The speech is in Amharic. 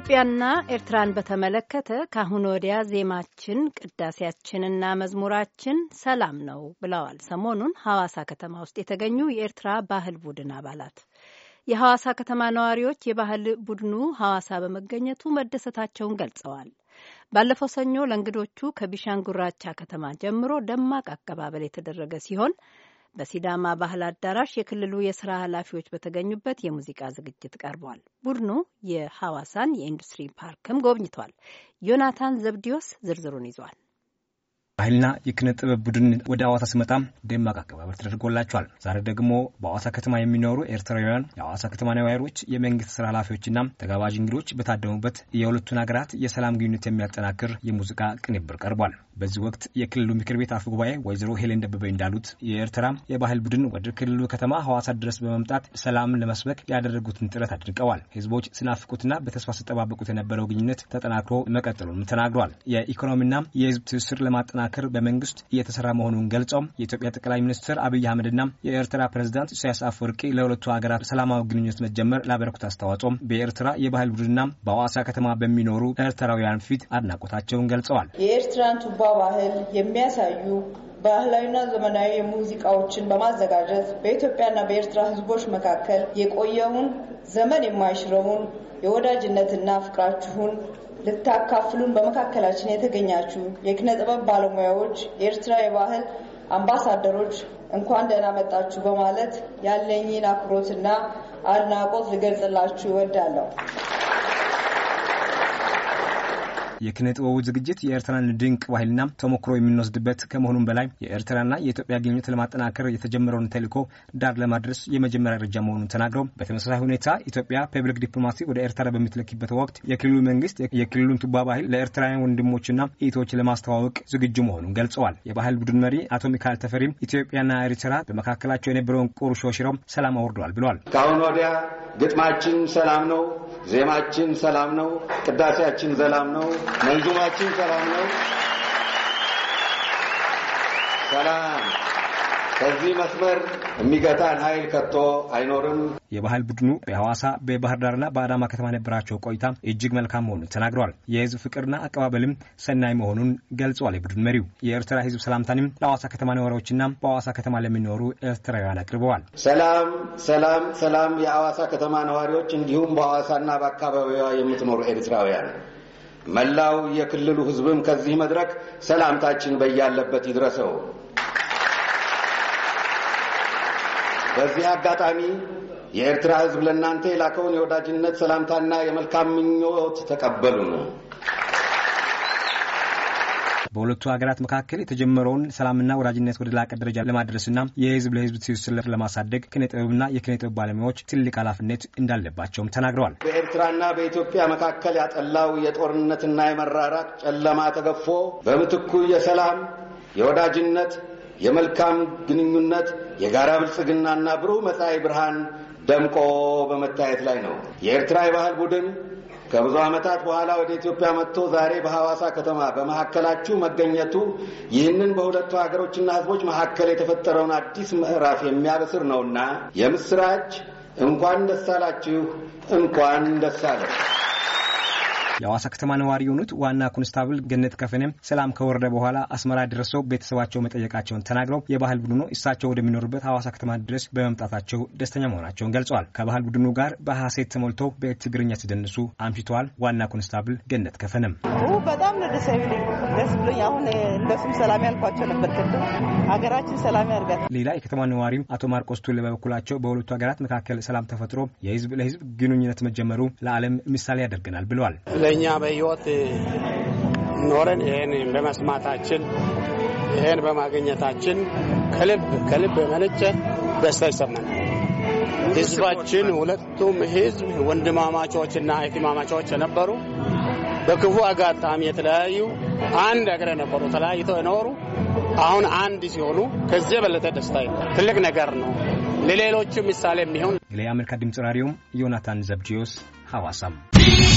ኢትዮጵያና ኤርትራን በተመለከተ ከአሁን ወዲያ ዜማችን፣ ቅዳሴያችንና መዝሙራችን ሰላም ነው ብለዋል ሰሞኑን ሐዋሳ ከተማ ውስጥ የተገኙ የኤርትራ ባህል ቡድን አባላት። የሐዋሳ ከተማ ነዋሪዎች የባህል ቡድኑ ሐዋሳ በመገኘቱ መደሰታቸውን ገልጸዋል። ባለፈው ሰኞ ለእንግዶቹ ከቢሻንጉራቻ ከተማ ጀምሮ ደማቅ አቀባበል የተደረገ ሲሆን በሲዳማ ባህል አዳራሽ የክልሉ የስራ ኃላፊዎች በተገኙበት የሙዚቃ ዝግጅት ቀርቧል። ቡድኑ የሐዋሳን የኢንዱስትሪ ፓርክም ጎብኝቷል። ዮናታን ዘብዲዮስ ዝርዝሩን ይዟል። ባህልና የኪነ ጥበብ ቡድን ወደ ሐዋሳ ሲመጣ ደማቅ አቀባበል ተደርጎላቸዋል። ዛሬ ደግሞ በአዋሳ ከተማ የሚኖሩ ኤርትራውያን፣ የአዋሳ ከተማ ነዋሪዎች፣ የመንግስት ስራ ኃላፊዎችና ተጋባዥ እንግዶች በታደሙበት የሁለቱን ሀገራት የሰላም ግንኙነት የሚያጠናክር የሙዚቃ ቅንብር ቀርቧል። በዚህ ወቅት የክልሉ ምክር ቤት አፈ ጉባኤ ወይዘሮ ሄሌን ደበበ እንዳሉት የኤርትራ የባህል ቡድን ወደ ክልሉ ከተማ ሐዋሳ ድረስ በመምጣት ሰላምን ለመስበክ ያደረጉትን ጥረት አድንቀዋል። ህዝቦች ስናፍቁትና በተስፋ ስጠባበቁት የነበረው ግንኙነት ተጠናክሮ መቀጠሉንም ተናግሯል። የኢኮኖሚና የህዝብ ትስስር ለማጠናከር ለማጠናከር በመንግስት እየተሰራ መሆኑን ገልጸው የኢትዮጵያ ጠቅላይ ሚኒስትር አብይ አህመድና የኤርትራ ፕሬዚዳንት ኢሳያስ አፈወርቂ ለሁለቱ ሀገራት ሰላማዊ ግንኙነት መጀመር ላበረኩት አስተዋጽኦ። በኤርትራ የባህል ቡድንና በአዋሳ ከተማ በሚኖሩ ኤርትራውያን ፊት አድናቆታቸውን ገልጸዋል። የኤርትራን ቱባ ባህል የሚያሳዩ ባህላዊና ዘመናዊ የሙዚቃዎችን በማዘጋጀት በኢትዮጵያና በኤርትራ ሕዝቦች መካከል የቆየውን ዘመን የማይሽረውን የወዳጅነትና ፍቅራችሁን ልታካፍሉን በመካከላችን የተገኛችሁ የኪነ ጥበብ ባለሙያዎች፣ የኤርትራ የባህል አምባሳደሮች እንኳን ደህና መጣችሁ በማለት ያለኝን አክብሮትና አድናቆት ልገልጽላችሁ እወዳለሁ። የኪነ ጥበቡ ዝግጅት የኤርትራን ድንቅ ባህልና ተሞክሮ የምንወስድበት ከመሆኑም በላይ የኤርትራና የኢትዮጵያ ግንኙነት ለማጠናከር የተጀመረውን ተልዕኮ ዳር ለማድረስ የመጀመሪያ ደረጃ መሆኑን ተናግረው በተመሳሳይ ሁኔታ ኢትዮጵያ ፐብሊክ ዲፕሎማሲ ወደ ኤርትራ በምትለኪበት ወቅት የክልሉ መንግስት የክልሉን ቱባ ባህል ለኤርትራውያን ወንድሞችና እህቶች ለማስተዋወቅ ዝግጁ መሆኑን ገልጸዋል። የባህል ቡድን መሪ አቶ ሚካኤል ተፈሪም ኢትዮጵያና ኤርትራ በመካከላቸው የነበረውን ቁርሾ ሽረው ሰላም አውርደዋል ብለዋል። ከአሁን ወዲያ ግጥማችን ሰላም ነው ዜማችን ሰላም ነው፣ ቅዳሴያችን ሰላም ነው፣ መንዙማችን ሰላም ነው። ሰላም ከዚህ መስመር የሚገታን ኃይል ከቶ አይኖርም። የባህል ቡድኑ በሐዋሳ በባህር ዳርና በአዳማ ከተማ ነበራቸው ቆይታ እጅግ መልካም መሆኑን ተናግረዋል። የህዝብ ፍቅርና አቀባበልም ሰናይ መሆኑን ገልጸዋል። የቡድን መሪው የኤርትራ ህዝብ ሰላምታንም ለሐዋሳ ከተማ ነዋሪዎችና በሐዋሳ ከተማ ለሚኖሩ ኤርትራውያን አቅርበዋል። ሰላም ሰላም ሰላም! የሐዋሳ ከተማ ነዋሪዎች እንዲሁም በሐዋሳና በአካባቢዋ የምትኖሩ ኤርትራውያን መላው የክልሉ ህዝብም ከዚህ መድረክ ሰላምታችን በያለበት ይድረሰው። በዚህ አጋጣሚ የኤርትራ ሕዝብ ለእናንተ የላከውን የወዳጅነት ሰላምታና የመልካም ምኞት ተቀበሉ ነው። በሁለቱ ሀገራት መካከል የተጀመረውን ሰላምና ወዳጅነት ወደ ላቀ ደረጃ ለማድረስና የህዝብ ለህዝብ ትስስር ለማሳደግ ኪነ ጥበብና የኪነ ጥበብ ባለሙያዎች ትልቅ ኃላፊነት እንዳለባቸውም ተናግረዋል። በኤርትራና በኢትዮጵያ መካከል ያጠላው የጦርነትና የመራራት ጨለማ ተገፎ በምትኩ የሰላም የወዳጅነት የመልካም ግንኙነት የጋራ ብልጽግናና ብሩህ መጻኢ ብርሃን ደምቆ በመታየት ላይ ነው። የኤርትራ የባህል ቡድን ከብዙ ዓመታት በኋላ ወደ ኢትዮጵያ መጥቶ ዛሬ በሐዋሳ ከተማ በመካከላችሁ መገኘቱ ይህንን በሁለቱ ሀገሮችና ሕዝቦች መካከል የተፈጠረውን አዲስ ምዕራፍ የሚያበስር ነውና የምስራች እንኳን ደስ አላችሁ፣ እንኳን ደስ አለን። የአዋሳ ከተማ ነዋሪ የሆኑት ዋና ኮንስታብል ገነት ከፈነም ሰላም ከወረደ በኋላ አስመራ ደርሰው ቤተሰባቸው መጠየቃቸውን ተናግረው የባህል ቡድኑ እሳቸው ወደሚኖሩበት ሐዋሳ ከተማ ድረስ በመምጣታቸው ደስተኛ መሆናቸውን ገልጸዋል። ከባህል ቡድኑ ጋር በሐሴት ተሞልተው በትግርኛ ሲደንሱ አምሽተዋል። ዋና ኮንስታብል ገነት ከፍንም በጣም ነው ደስ ይለኝ ደስ ብሎኝ አሁን እንደሱም ሰላም ያልኳቸው ነበር ቅድም ሀገራችን ሰላም ያርጋል። ሌላ የከተማ ነዋሪም አቶ ማርቆስ ቱል በበኩላቸው በሁለቱ ሀገራት መካከል ሰላም ተፈጥሮ የህዝብ ለህዝብ ግንኙነት መጀመሩ ለዓለም ምሳሌ ያደርገናል ብለዋል። እኛ በህይወት ኖረን ይህን በመስማታችን ይህን በማግኘታችን ከልብ ከልብ የመነጨ ደስታ ይሰማናል። ህዝባችን ሁለቱም ህዝብ ወንድማማቾችና እህትማማቾች የነበሩ በክፉ አጋጣሚ የተለያዩ አንድ አገር የነበሩ ተለያይተው የኖሩ አሁን አንድ ሲሆኑ ከዚህ የበለጠ ደስታ ትልቅ ነገር ነው። ለሌሎቹ ምሳሌ የሚሆን ለአሜሪካ ድምፅ ራዲዮም ዮናታን ዘብጂዮስ ሐዋሳም